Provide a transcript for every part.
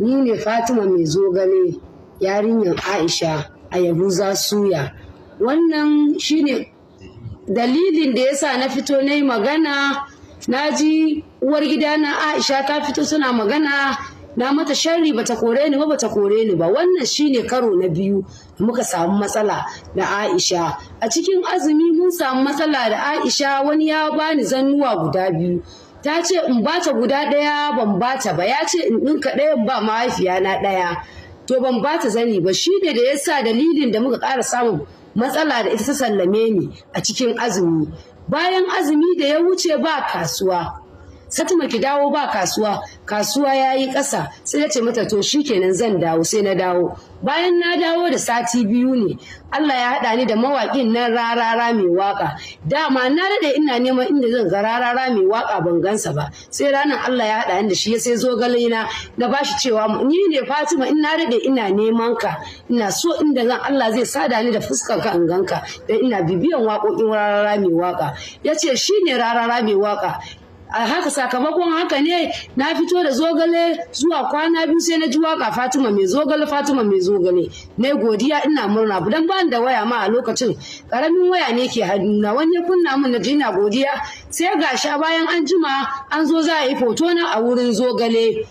ni ne fatima mai zogale yarinyar aisha a yahuza suya wannan shine dalilin da ya sa na fito na yi magana na ji uwar gida na aisha ta fito suna magana na mata sharri bata kore ni ba bata kore ni ba wannan shine karo na biyu da muka samu matsala da aisha a cikin azumi mun samu matsala da aisha wani ya bani zannuwa guda biyu ta ce in bata guda ɗaya ban bata ba ya ce in ɗinka ɗaya ba mahaifiya na ɗaya to ban bata zani ba shi ne da ya sa dalilin da muka ƙara samun matsala da ita ta sallame ni a cikin azumi bayan azumi da ya wuce ba kasuwa Fatima ki dawo ba kasuwa kasuwa ya yi ƙasa sai na ce mata to shikenan zan dawo sai na dawo bayan na dawo da sati biyu ne Allah ya haɗa ni da mawaƙin nan rarara mai waƙa dama na daɗe ina neman inda zan ga rarara mai waƙa ban gansa ba sai ranar Allah ya haɗa ni da shi sai zo galina na bashi cewa ni ne Fatima in na daɗe ina neman ka ina so inda zan Allah zai sada ni da fuskar ka in ganka dan ina bibiyan waƙoƙin rarara mai waƙa yace shine rarara mai waƙa a haka sakamakon haka ne na fito da zogale zuwa kwana biyu sai na ji waka Fatima mai zogale Fatima mai zogale na godiya ina murna dan ban da waya ma a lokacin karamin waya ne ke hannuna wani ya kunna min na jina godiya sai gashi a bayan an jima an zo za a yi foto na a wurin zogale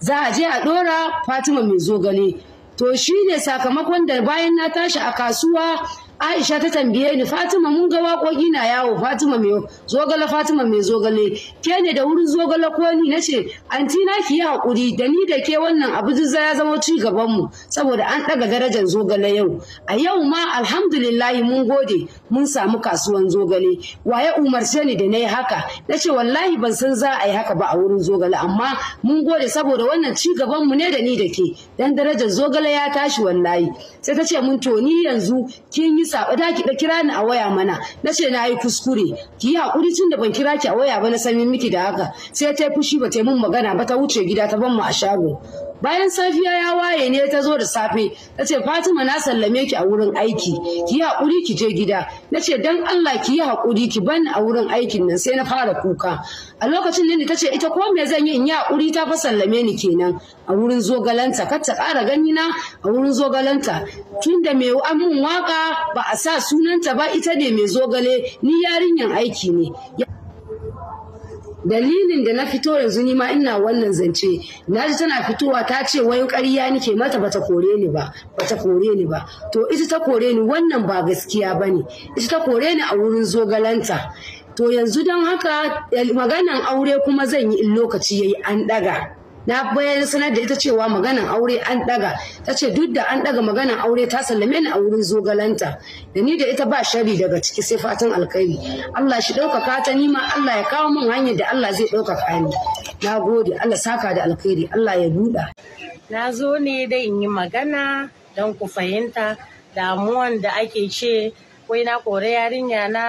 za a je a dora Fatima mai zogale to shine sakamakon da bayan na tashi a kasuwa Aisha ta tambaye ni Fatima mun ga waƙoƙi na yawo Fatima mai zogale Fatima mai zogale ke ne da wurin zogale ko ni nace anti na ki hakuri da ni da ke wannan abu zuzza ya zama ci gaban mu saboda an daga darajar zogale yau a yau ma alhamdulillah mun gode mun samu kasuwan zogale waye umarce ni da nayi haka nace wallahi ban san za a yi haka ba a wurin zogale amma mun gode saboda wannan ci gaban mu ne da ni da ke dan darajar zogale ya tashi wallahi sai ta ce mun to ni yanzu kin yi saba da ki da kira ni a waya mana na ce na yi kuskure ki yi hakuri tun da ban kira ki a waya ba na san miki da haka sai ta fushi ba ta yi mun magana ba ta wuce gida ta ban mu a shago bayan safiya ya waye ne ta zo da safe ta ce fatima na sallame ki a wurin aiki ki yi haƙuri ki je gida na ce dan allah ki yi haƙuri ki ban a wurin aikin nan sai na fara kuka a lokacin ne ta ce ita ko me zan yi in yi haƙuri ta fa sallame ni kenan a wurin zogalanta kar ta ƙara gani na a wurin zogalanta Tun tunda mai amin waka ba a sa sunanta ba ita ne mai zogale ni yarinyan aiki ne dalilin da na fito yanzu ni ma ina wannan zance na ji tana fitowa ta ce wai ƙarya nike mata bata kore ni ba bata kore ni ba to ita ta kore ni wannan ba gaskiya bane ita ta kore ni a wurin zogalanta to yanzu don haka eh, maganan aure kuma zan yi in lokaci yayi an ɗaga na bayan sanar da ita cewa maganan aure an daga ta ce duk da an daga maganan aure ta sallame ni a wurin zogalanta da ni da ita ba shari daga ciki sai fatan alkhairi Allah shi ɗaukaka ta ni ma Allah ya kawo min hanyar da Allah zai ɗaukaka ni na gode Allah saka da alkhairi Allah ya buɗa na zo ne da in yi magana don ku fahimta damuwan da ake ce wai na kore yarinya na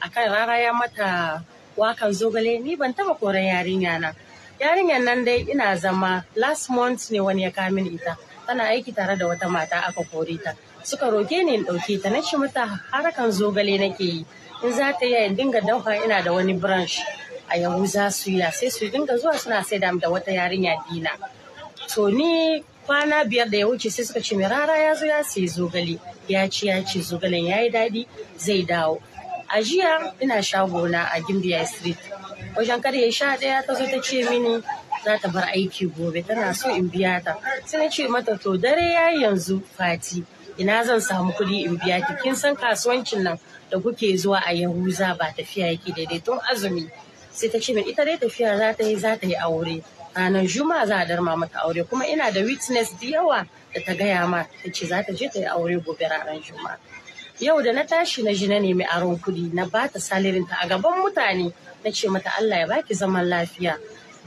akan rara ya mata wakan zogale ni ban taba koren yarinya na yarinyar nan dai ina zama last month ne wani ya kamin ita tana aiki tare da wata mata aka kore ta suka roke ni in ɗauke ta na shi mata harakan zogale nake yi in za ta yi dinga dauka ina da wani branch a yahuza suya sai su dinga zuwa suna sai da wata yarinya dina to ni kwana biyar da ya wuce sai suka ce rara ya zo ya sai zogale ya ci ya ci zogalen ya yi daɗi zai dawo a jiya ina na a gimbiya street wajen karye sha ɗaya ta zo ta ce mini za ta bar aiki gobe tana so in biya ta sai na ce mata to dare ya yanzu fati ina zan samu kuɗi in biya ki kin san kasuwancin nan da kuke zuwa a yahuza ba tafiya yake daidai tun azumi sai ta ce min ita dai tafiya za ta yi za ta yi aure ranar juma za a darma mata aure kuma ina da witness da yawa da ta gaya ma ta ce za ta je ta yi aure gobe ranar juma'a yau da na tashi na ji na nemi aron kuɗi na ba ta salirinta a gaban mutane na ce mata Allah ya baki zaman lafiya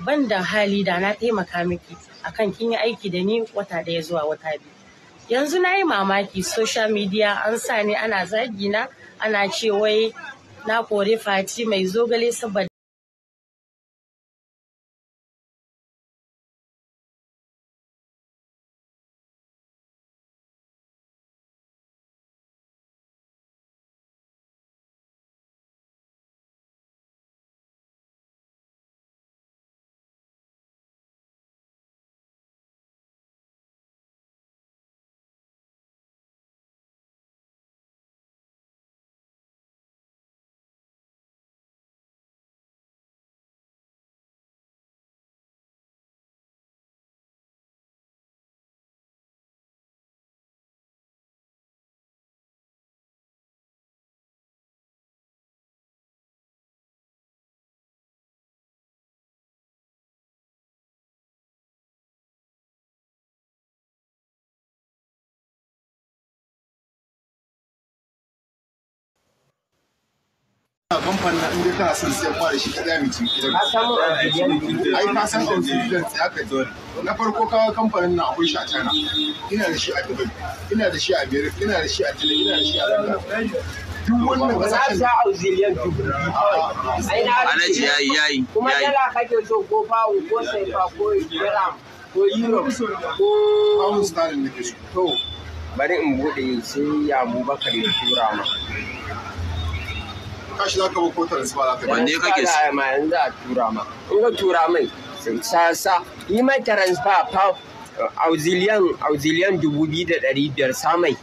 ban da hali da na taimaka miki akan kin yi aiki da ni wata ɗaya zuwa wata biyu yanzu na yi mamaki social media an sa ni ana zagina ana ce wai na kore fati mai zogale saboda Kamfan na inda kana son siyan fara shi kada mai ciki. Ai ka san confidence ya kai Na farko kawo kamfanin nan akwai shi a China. Ina da shi a Dubai, ina da shi a America, ina da shi a Chile, ina da shi a London. Duk wannan ba za a sa auxilian dubu kawai. Alhaji yayi yayi. Kuma dala kake so ko bawo ko saifa ko gram ko euro ko. Pound sterling nake so. To bari in bude sai ya Abubakar ya tura ma. kashi za ka ba ko transfer za ka wanne kake so ma yanzu a tura ma in ka tura mai sa sa yi mai transfer fa auxilian auxilian dubu biyu da ɗari biyar samai